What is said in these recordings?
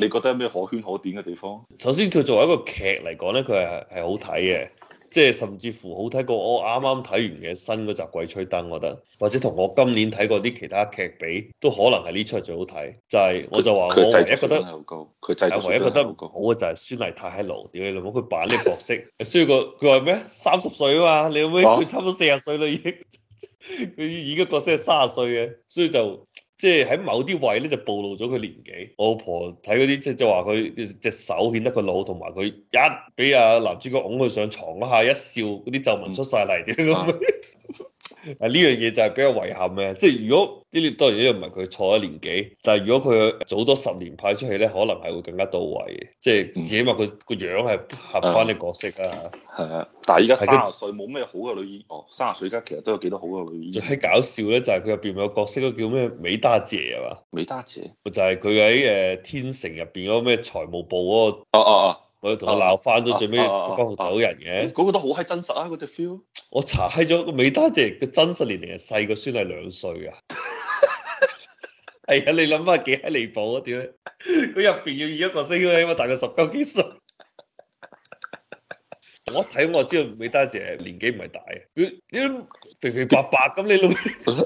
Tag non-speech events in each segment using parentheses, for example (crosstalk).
你覺得有咩可圈可點嘅地方？首先佢作為一個劇嚟講咧，佢係係好睇嘅，即係甚至乎好睇過我啱啱睇完嘅新嗰集《鬼吹燈》，我覺得，或者同我今年睇過啲其他劇比，都可能係呢出最好睇。就係、是、我就話我唯一覺得佢製造水分係好高，製造水分係好高。唯一覺得唔夠好嘅就係孫儷太老咗啲你諗？佢扮呢個角色，需要個佢話咩？三十歲啊嘛，你有冇？佢差唔多四十歲啦，已經佢演嘅角色係卅歲嘅，所以就。即係喺某啲位咧就暴露咗佢年紀我，我老婆睇嗰啲即係就話佢隻手顯得佢老，同埋佢一俾阿男主角拱佢上床，一下一笑，嗰啲皺紋出晒嚟點咁。嗯 (laughs) 啊啊呢樣嘢就係比較遺憾嘅，即係如果呢啲當然一樣唔係佢錯一年紀，就係如果佢早多十年派出去咧，可能係會更加到位。即係至少話佢個樣係合翻啲角色啊。係啊、嗯，但係依家三十歲冇咩好嘅女演，哦，三十歲而家其實都有幾多好嘅女演。最搞笑咧就係佢入邊有個角色叫咩美達姐啊？嘛？美達姐。達姐就係佢喺誒天成入邊嗰個咩財務部嗰個哦哦哦。啊啊啊啊。我同我鬧翻到最尾佢乾脆走人嘅。嗰個都好閪真實啊！嗰隻 feel。我查閪咗，美丹姐嘅真實年齡係細個孫女兩歲啊。係啊，你諗下幾閪離譜啊？點咧？佢入邊要演一個星咧，應該大概十九幾歲。我睇我知道美丹姐年紀唔係大嘅，佢，佢肥肥白白咁，你諗？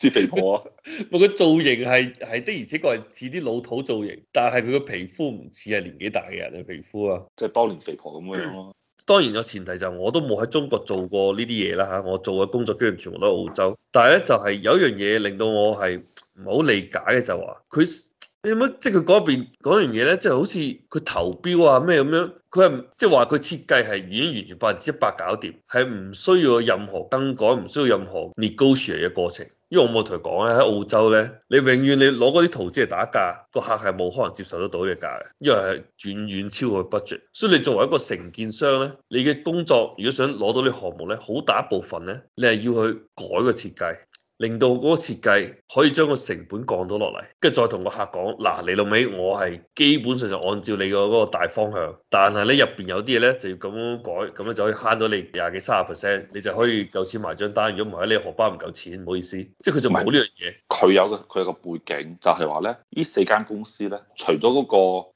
似肥婆啊！咪佢 (laughs) 造型係係的，而且確係似啲老土造型，但係佢個皮膚唔似係年紀大嘅人嘅皮膚啊，即係當年肥婆咁嘅樣咯、嗯。當然有前提就係我都冇喺中國做過呢啲嘢啦嚇，我做嘅工作居然全部都係澳洲。但係咧就係有一樣嘢令到我係唔好理解嘅就係話、是、佢你乜即係佢嗰邊嗰樣嘢咧，即係好似佢投標啊咩咁樣，佢係即係話佢設計係已經完全百分之一百搞掂，係唔需要任何更改，唔需要任何 negotiate 嘅過程。因為我冇同佢講呢，喺澳洲呢，你永遠你攞嗰啲圖紙嚟打價，個客係冇可能接受得到呢個價嘅，因為係遠遠超過 budget。所以你作為一個承建商呢，你嘅工作如果想攞到啲項目呢，好大一部分呢，你係要去改個設計。令到嗰個設計可以將個成本降到落嚟，跟住再同個客講，嗱、啊、你老味，我係基本上就按照你個嗰個大方向，但係咧入邊有啲嘢呢，就要咁樣改，咁樣就可以慳到你廿幾卅 percent，你就可以夠錢埋張單。如果唔係，你荷包唔夠錢，唔好意思。即係佢就冇呢是樣嘢。佢有個佢有個背景，就係、是、話呢，呢四間公司呢，除咗嗰、那個。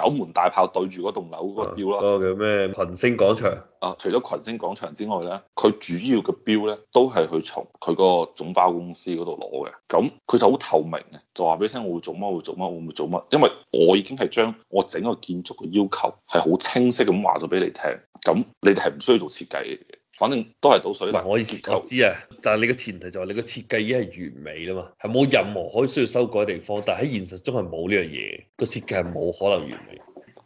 九門大炮對住嗰棟樓嗰個標咯，嗰個叫咩？群星廣場啊！除咗群星廣場之外咧，佢主要嘅標咧都係去從佢個總包公司嗰度攞嘅。咁佢就好透明嘅，就話俾你聽，我會做乜會做乜會唔會做乜，因為我已經係將我整個建築嘅要求係好清晰咁話咗俾你聽。咁你哋係唔需要做設計嘅。反正都係倒水，唔係我意思。我知啊，但係你個前提就係你個設計已經係完美啦嘛，係冇任何可以需要修改嘅地方。但係喺現實中係冇呢樣嘢，個設計係冇可能完美。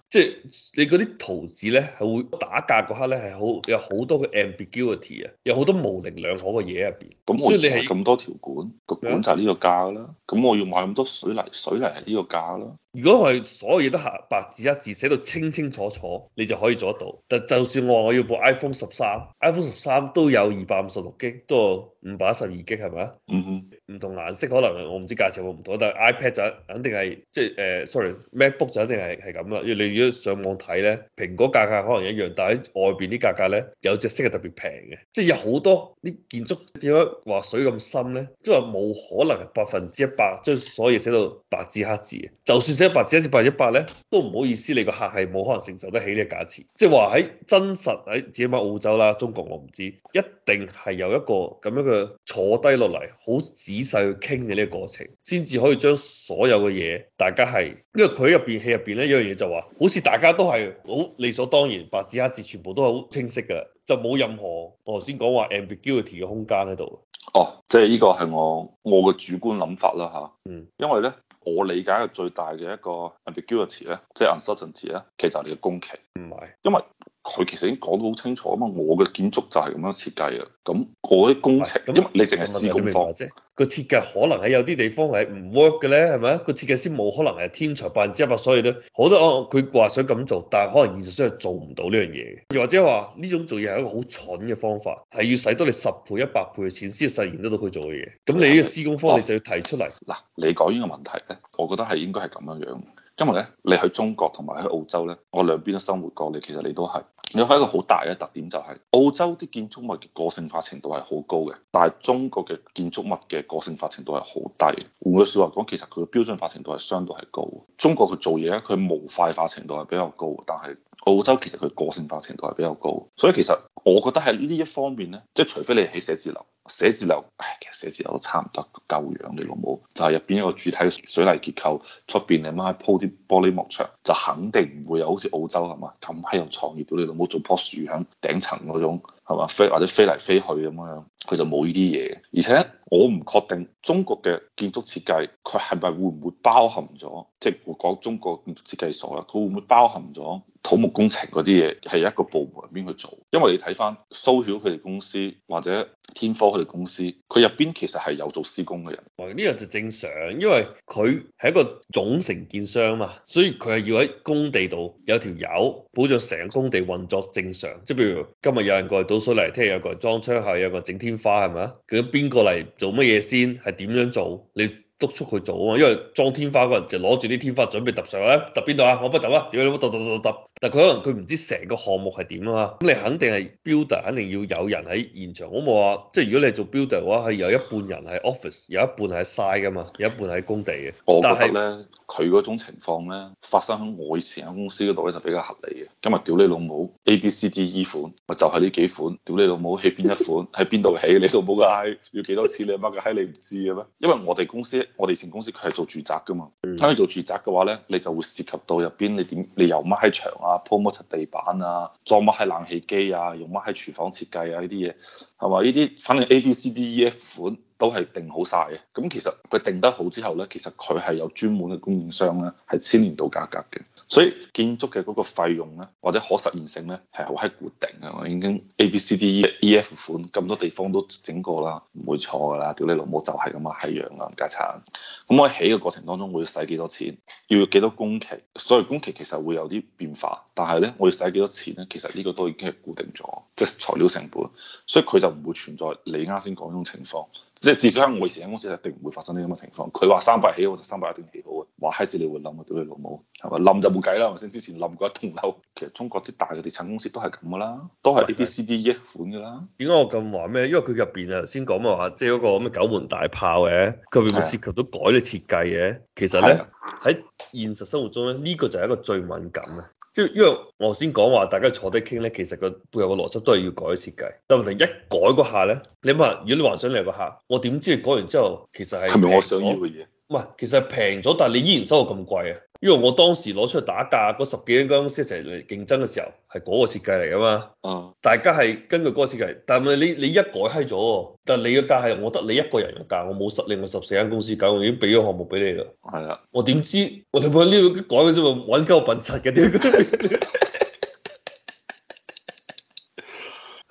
即係你嗰啲圖紙咧係會打架，嗰刻咧係好有好多嘅 ambiguity 啊，有好多模棱兩可嘅嘢喺入邊。咁所以你係咁多條管，個、嗯、管就係呢個價啦。咁我要買咁多水泥，水泥係呢個價啦。如果我所有嘢都白字一字寫到清清楚楚，你就可以做得到。但就算我話我要部 13, iPhone 十三，iPhone 十三都有二百五十六 G，都有五百一十二 G 係咪啊？唔、mm hmm. 同顏色可能我唔知價錢有冇唔同，但係 iPad 就肯定係即係誒、uh，sorry，MacBook 就一定係係咁啦。你如果上網睇咧，蘋果價格可能一樣，但係外邊啲價格咧有隻色係特別平嘅，即係有好多啲建築點解話水咁深咧？即係話冇可能百分之一百將所有嘢寫到白字黑字就算一百折一折百一百咧，都唔好意思，你個客係冇可能承受得起呢個價錢。即係話喺真實喺自己乜澳洲啦，中國我唔知，一定係有一個咁樣嘅坐低落嚟，好仔細去傾嘅呢個過程，先至可以將所有嘅嘢。大家係因為佢入邊戲入邊咧，有樣嘢就話，好似大家都係好理所當然，白紙黑字全部都係好清晰嘅，就冇任何我頭先講話 ambiguity 嘅空間喺度。哦，即係呢個係我我嘅主觀諗法啦，吓、啊，嗯，因為咧。我理解嘅最大嘅一個 ambiguity 咧，即係 uncertainty 咧，其實係你嘅工期。唔係，因為。佢其實已經講得好清楚啊嘛，我嘅建築就係咁樣設計啊。咁啲工程因，因你淨係施工方啫。個設計可能喺有啲地方係唔 work 嘅咧，係咪啊？個設計師冇可能係天才百分之一百，所以咧好多佢話想咁做，但係可能現實上係做唔到呢樣嘢。又或者話呢種做嘢係一個好蠢嘅方法，係要使多你十倍、一百倍嘅錢先實現得到佢做嘅嘢。咁你呢個施工方是是，你就要提出嚟嗱、哦，你講呢個問題咧，我覺得係應該係咁樣樣。今日咧，你喺中國同埋喺澳洲咧，我兩邊都生活過，你其實你都係。有係一個好大嘅特點，就是，就係澳洲啲建築物嘅個性化程度係好高嘅，但係中國嘅建築物嘅個性化程度係好低。換句説話講，其實佢嘅標準化程度係相對係高。中國佢做嘢咧，佢模塊化程度係比較高，但係澳洲其實佢個性化程度係比較高。所以其實我覺得喺呢一方面咧，即係除非你起寫字樓。寫字樓，其實寫字樓都差唔多夠樣你老母，就係入邊一個主體嘅水泥結構，出邊你媽媽鋪啲玻璃幕牆，就肯定唔會有好似澳洲咁啊，咁閪有創意到你老母做樖樹喺頂層嗰種，係嘛，飛或者飛嚟飛去咁樣，佢就冇呢啲嘢。而且我唔確定中國嘅建築設計佢係咪會唔會包含咗，即係我講中國建築設計所啦，佢會唔會包含咗土木工程嗰啲嘢係一個部門入邊去做？因為你睇翻蘇曉佢哋公司或者。天科佢哋公司，佢入邊其實係有做施工嘅人，呢樣就正常，因為佢係一個總承建商嘛，所以佢係要喺工地度有條友保障成個工地運作正常，即係譬如今日有人過嚟倒水嚟，聽日有個人裝窗係，有個人整天花係咪啊？佢邊個嚟做乜嘢先，係點樣做，你？督促佢做啊嘛，因為裝天花嗰人就攞住啲天花準備揼上去，揼邊度啊？我不揼啊！點樣？揼揼揼揼揼，但佢可能佢唔知成個項目係點啊嘛。咁你肯定係 builder，肯定要有人喺現場。我冇話，即係如果你係做 builder 嘅話，係有一半人喺 office，有一半係曬噶嘛，有一半喺工地嘅。我覺得，但係咧。佢嗰種情況咧，發生喺我以前間公司嗰度咧就比較合理嘅。今日屌你老母，A B C D E 款，咪就係呢幾款。屌你老母，起邊一款，喺邊度起？你老母嘅閪，要幾多錢？你阿乜嘅閪，你唔知嘅咩？因為我哋公司，我哋以前公司佢係做住宅噶嘛。喺佢做住宅嘅話咧，你就會涉及到入邊你點你由乜閪牆啊、鋪乜閪地板啊、裝乜閪冷氣機啊、用乜閪廚房設計啊呢啲嘢係嘛？呢啲反正 A B C D E F 款。都係定好晒嘅，咁其實佢定得好之後呢，其實佢係有專門嘅供應商咧，係千年度價格嘅，所以建築嘅嗰個費用呢，或者可實現性呢，係好喺固定嘅。已經 A B C D E F 款咁多地方都整過啦，唔會錯㗎啦。屌你老母就係咁啊，係羊銀階層。咁我起嘅過程當中我要使幾多錢？要幾多工期？所以工期其實會有啲變化，但係呢，我要使幾多錢呢？其實呢個都已經係固定咗，即係材料成本，所以佢就唔會存在你啱先講嗰種情況。即係至少喺外資嘅公司，一定唔會發生呢咁嘅情況。佢話三百起好，就三百一定起好啊！話閪住你會冧啊，屌你老母，係咪？冧就冇計啦，先之前冧過一棟樓。其實中國啲大嘅地產公司都係咁噶啦，都係啲 B、C、D、F、款噶啦。點解我咁話咩？因為佢入邊啊，先講過話，即係嗰個咩九門大炮嘅，佢會唔會涉及到改你設計嘅。的其實咧，喺的現實生活中咧，呢、這個就係一個最敏感嘅。即係因為我頭先講話大家坐低傾咧，其實有個背後個邏輯都係要改設計，但係一改嗰下咧，你諗下，如果你還想嚟個客，我點知道改完之後其實係？係咪我想要嘅嘢？喂，其實平咗，但係你依然收到咁貴啊，因為我當時攞出去打價嗰十幾間公司一齊嚟競爭嘅時候，係嗰個設計嚟㗎嘛。啊、嗯！大家係根據嗰個設計，但係你你一改閪咗，但係你個價係我得你一個人個價，我冇實另外十四間公司搞，我已經俾咗項目俾你啦。係啊的，我點知？我哋冇喺呢度改嘅啫嘛，揾鳩品柒嘅。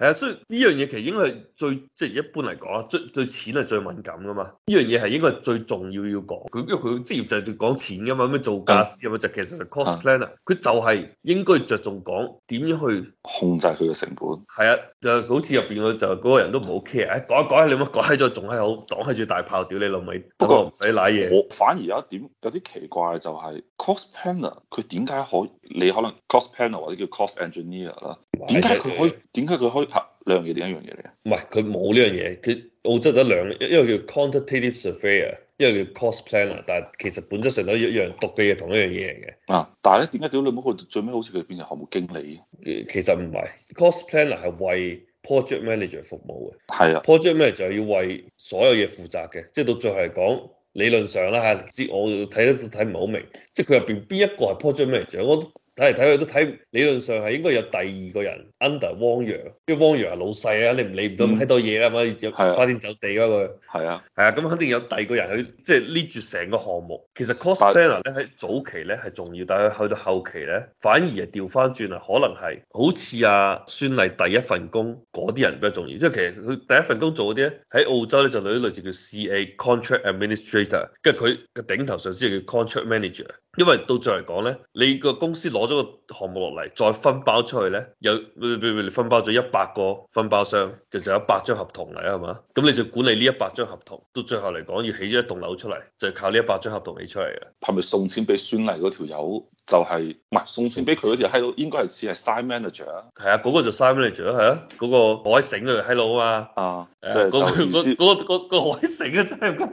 係啊，所以呢樣嘢其實應該係最即係一般嚟講，最最錢係最敏感噶嘛。呢樣嘢係應該係最重要要講。佢因為佢職業就係講錢噶嘛，咩做價師咁，就其實係 cost planner，佢、嗯、就係應該着重講點樣去控制佢嘅成本。係啊，就好似入邊嘅就嗰個人都唔好 care，誒講一講係你乜講係就仲係好擋係住大炮，屌你老味，不過唔使賴嘢。我反而有一點有啲奇怪，就係 cost planner 佢點解可你可能 cost planner 或者叫 cost engineer 啦。點解佢可以？點解佢可以拍兩是樣嘢，定一樣嘢嚟啊？唔係，佢冇呢樣嘢。佢澳洲得兩，一個叫 quantitative surveyor，一個叫 cost planner。但係其實本質上都一樣，讀嘅嘢同一樣嘢嚟嘅。啊！但係咧，點解屌你冇去？最尾好似佢變成項目經理、嗯、其實唔係，cost planner 係為 project manager 服務嘅。係啊，project manager 要為所有嘢負責嘅，即係到最後嚟講，理論上啦吓，知我睇都睇唔係好明，即係佢入邊邊一個係 project manager 我。睇嚟睇去都睇，理論上係應該有第二個人 under 汪洋，因為汪洋係老細啊，你唔理唔到咁、嗯、多嘢啊嘛，有花天酒地嗰個。係啊。係啊，咁、啊啊、肯定有第二個人去即係 lead 住成個項目。其實 cost planner 咧喺是早期咧係重要，但係去到後期咧反而係調翻轉啊，可能係好似啊，孫儷第一份工嗰啲人比較重要，即、就、為、是、其實佢第一份工做嗰啲咧喺澳洲咧就類似叫 CA contract administrator，跟住佢嘅頂頭上司叫 contract manager，因為到最後嚟講咧，你個公司攞咗個項目落嚟，再分包出去咧，有分包咗一百個分包商，其實有一百張合同嚟啊嘛，咁你就管理呢一百張合同，到最後嚟講要起咗一棟樓出嚟，就係、是、靠呢一百張合同起出嚟嘅。係咪送錢俾孫儷嗰條友就係、是？唔係送錢俾佢嗰條閪佬，應該係似係 sign manager 啊？係、那個、啊，嗰個就 sign manager 啊？吓？嗰個海城啊，閪佬啊嘛？啊，即係嗰個海城啊，真係核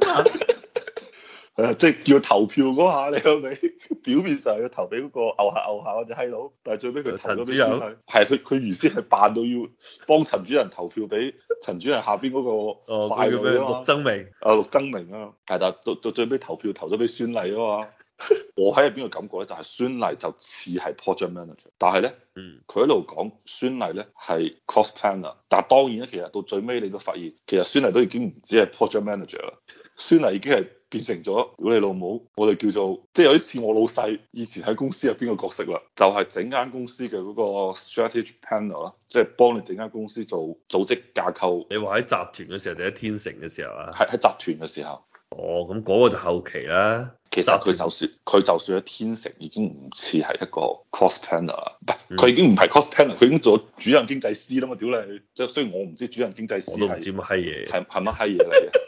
即係叫投票嗰下，你有冇 (laughs) 表面上要投俾嗰個牛下牛下嗰隻閪佬，但係最尾佢投咗俾孫麗。係佢佢原先係扮到要幫陳主任投票俾陳主任下邊嗰個快，哦、叫咩啊？陸曾明。啊，陸曾明啊，係但到到最尾投票投咗俾孫麗啊嘛。 (laughs) 我喺入邊嘅感覺咧，就係、是、孫麗就似係 project manager，但係咧，嗯，佢喺度講孫麗咧係 cost planner，但係當然咧，其實到最尾你都發現，其實孫麗都已經唔止係 project manager 啦，孫麗已經係。變成咗屌你老母，我哋叫做即係有啲似我老細以前喺公司入邊個角色啦，就係、是、整間公司嘅嗰個 strategy panel 啦，即係幫你整間公司做組織架構。你話喺集團嘅時候定喺天成嘅時候啊？係喺集團嘅時候。時候哦，咁嗰個就後期啦。其實佢就算佢團就算喺天成已經唔似係一個 cost planner 啦，佢已經唔係 cost planner，佢已經做主任經濟師啦嘛，屌你！即係雖然我唔知主任經濟師我都唔知乜閪嘢，係係乜閪嘢嚟？ (laughs)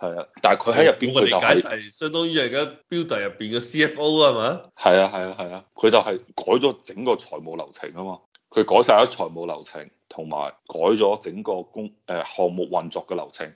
係啊，但係佢喺入邊，佢就係、是、相當於係而家標題入邊嘅 CFO 啦，係嘛？係啊係啊係啊，佢就係改咗整個財務流程啊嘛，佢改晒咗財務流程，同埋改咗整個工誒項目運作嘅流程。